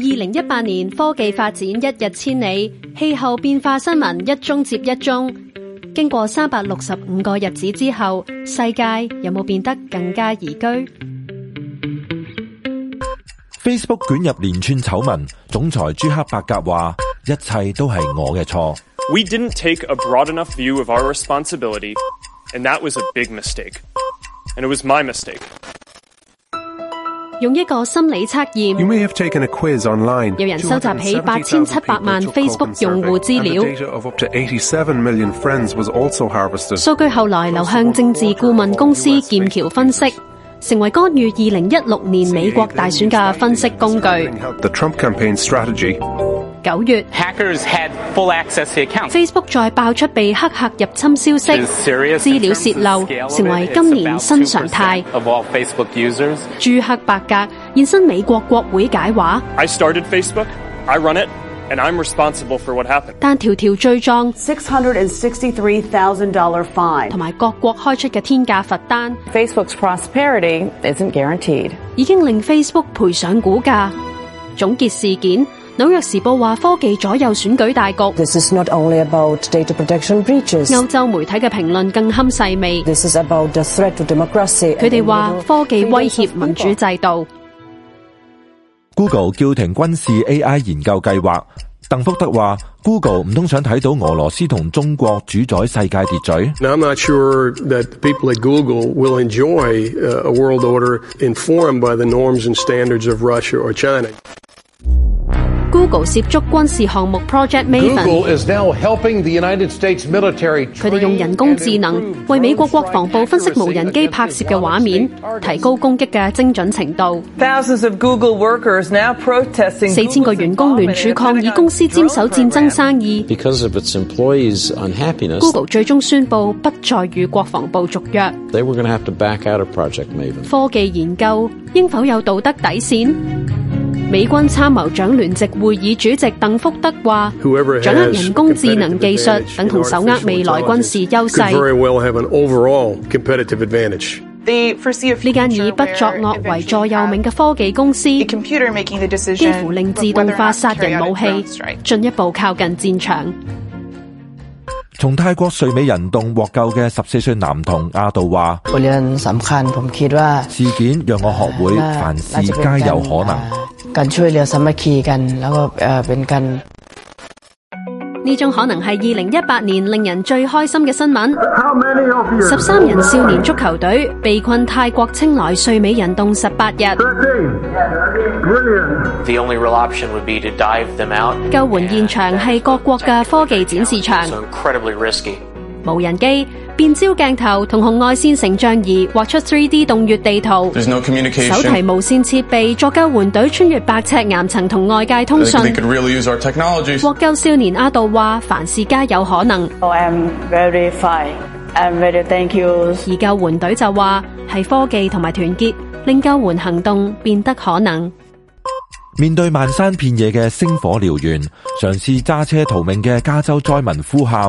二零一八年科技發展一日千里，氣候變化新聞一宗接一宗。經過三百六十五個日子之後，世界有冇變得更加宜居？Facebook 捲入連串醜聞，總裁朱克伯格話：一切都係我嘅錯。We didn't take a broad enough view of our responsibility, and that was a big mistake. And it was my mistake. 用一個心理測驗，有人收集起八千七百萬 Facebook 用戶資料，數據後來流向政治顧問公司劍橋分析，成為干預二零一六年美國大選嘅分析工具。九月，Facebook 再爆出被黑客入侵消息，資料泄漏成為今年新常態。朱克伯格現身美國國會解話，但條條罪狀，同埋各國開出嘅天價罰單，已經令 Facebook 賠上股價。總結事件。紐約時報話科技左右選舉大局。歐洲媒體嘅評論更堪細味。佢哋話科技威脅民主制度。Google 叫停軍事 AI 研究計劃。鄧福德話：Google 唔通想睇到俄羅斯同中國主宰世界秩序？Google 涉足軍事項目 Project Maven，佢哋用人工智能為美國國防部分析無人機拍攝嘅畫面，提高攻擊嘅精準程度。四千個員工聯署抗議公司沾手戰爭生意，Google 最終宣布不再與國防部續約。科技研究應否有道德底線？美軍參謀長聯席會議主席鄧福德話：掌握人工智能技術，等同，同手握未來軍事優勢。呢間以不作惡為座右銘嘅科技公司，幾乎令自動化殺人武器進一步靠近戰場。從泰國睡美人洞獲救嘅十四歲男童阿杜話：事件讓我學會、啊啊、凡事皆有可能。啊揾出嚟有什麼 key 根，然後誒，變根。呢種可能係二零一八年令人最開心嘅新聞。十三人少年足球隊被困泰國清萊睡美人洞十八日。救援現場係各國嘅科技展示場。無人機。變焦鏡頭同紅外線成像儀畫出 3D 洞穴地圖，手提無線設備助救援隊穿越百尺岩層同外界通訊。獲救少年阿杜話：凡事皆有可能。而救援隊就話：係科技同埋團結令救援行動變得可能。面對漫山遍野嘅星火燎原，嘗試揸車逃命嘅加州災民呼喊。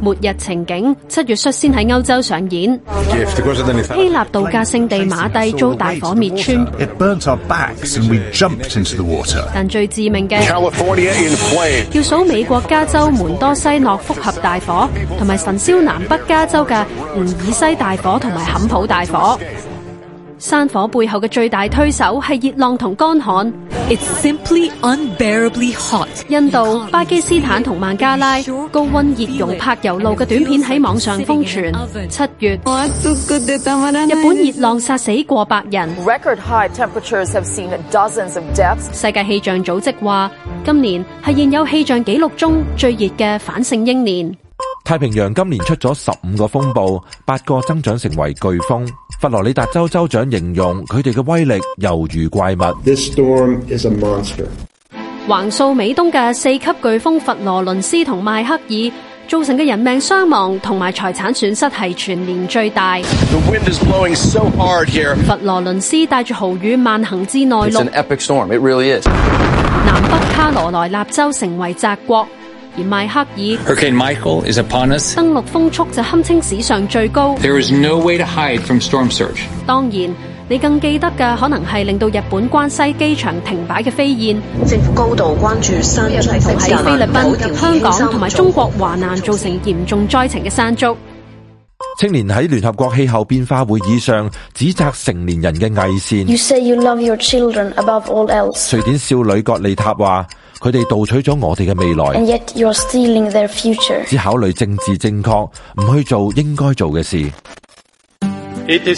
末日情景，七月率先喺歐洲上演。希臘度假聖地馬蒂遭大火滅村，但最致命嘅，要數美國加州門多西諾複合大火，同埋焚燒南北加州嘅吳爾西大火同埋坎普大火。山火背後嘅最大推手係熱浪同乾旱。It's simply unbearably hot. 印度、巴基斯坦同孟加拉高温熱熔柏油路嘅短片喺網上瘋傳。七月，日本熱浪殺死過百人。Record high temperatures have seen dozens of deaths. 世界氣象組織話，今年係現有氣象記錄中最熱嘅反聖嬰年。太平洋今年出咗十五個風暴，八個增長成為颶風。佛羅里達州州長形容佢哋嘅威力猶如怪物。橫掃美東嘅四級颶風佛羅倫斯同邁克爾造成嘅人命傷亡同埋財產損失係全年最大。佛羅倫斯帶住豪雨萬行之內陸、really、南北卡羅來納州成為澤國。而邁克爾登陸風速就堪稱史上最高。當然，你更記得嘅可能係令到日本關西機場停擺嘅飛燕。政府高度關注山竹系統喺菲律賓、香港同埋中國華南造成嚴重災情嘅山竹。青年喺聯合國氣候變化會議上指責成年人嘅偽善。瑞典少女格利塔話：佢哋盜取咗我哋嘅未來，只考慮政治正確，唔去做應該做嘅事。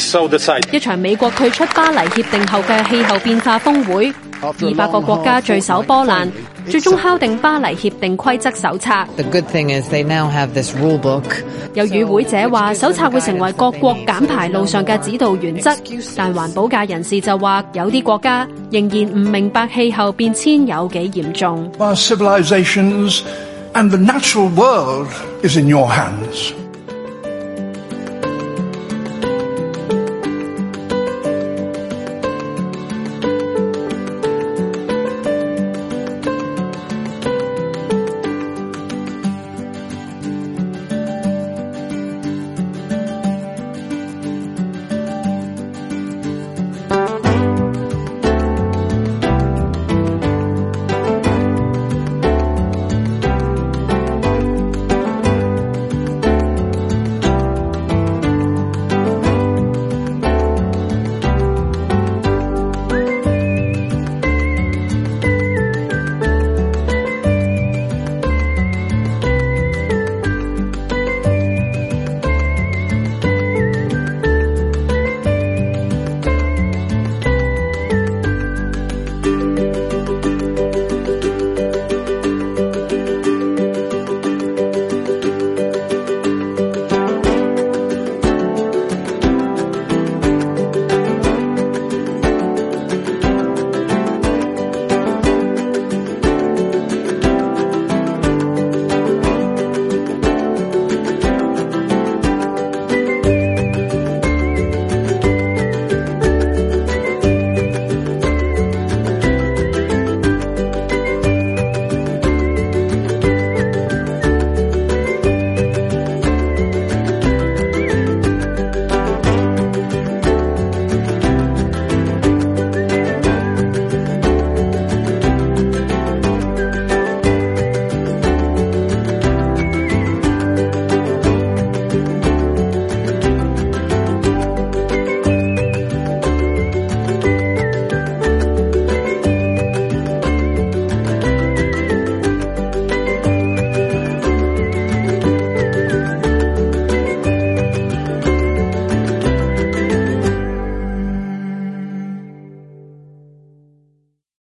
So、一場美國退出巴黎協定後嘅氣候變化峰會。二百個國家聚首波蘭，最終敲定巴黎協定規則手冊。The good thing is they now have this rulebook. 有與 So, 會者話：手冊會成為各國減排路上嘅指導原則。但環保界人士就話：有啲國家仍然唔明白氣候變遷有幾嚴重。Our civilizations and the natural world is in your hands.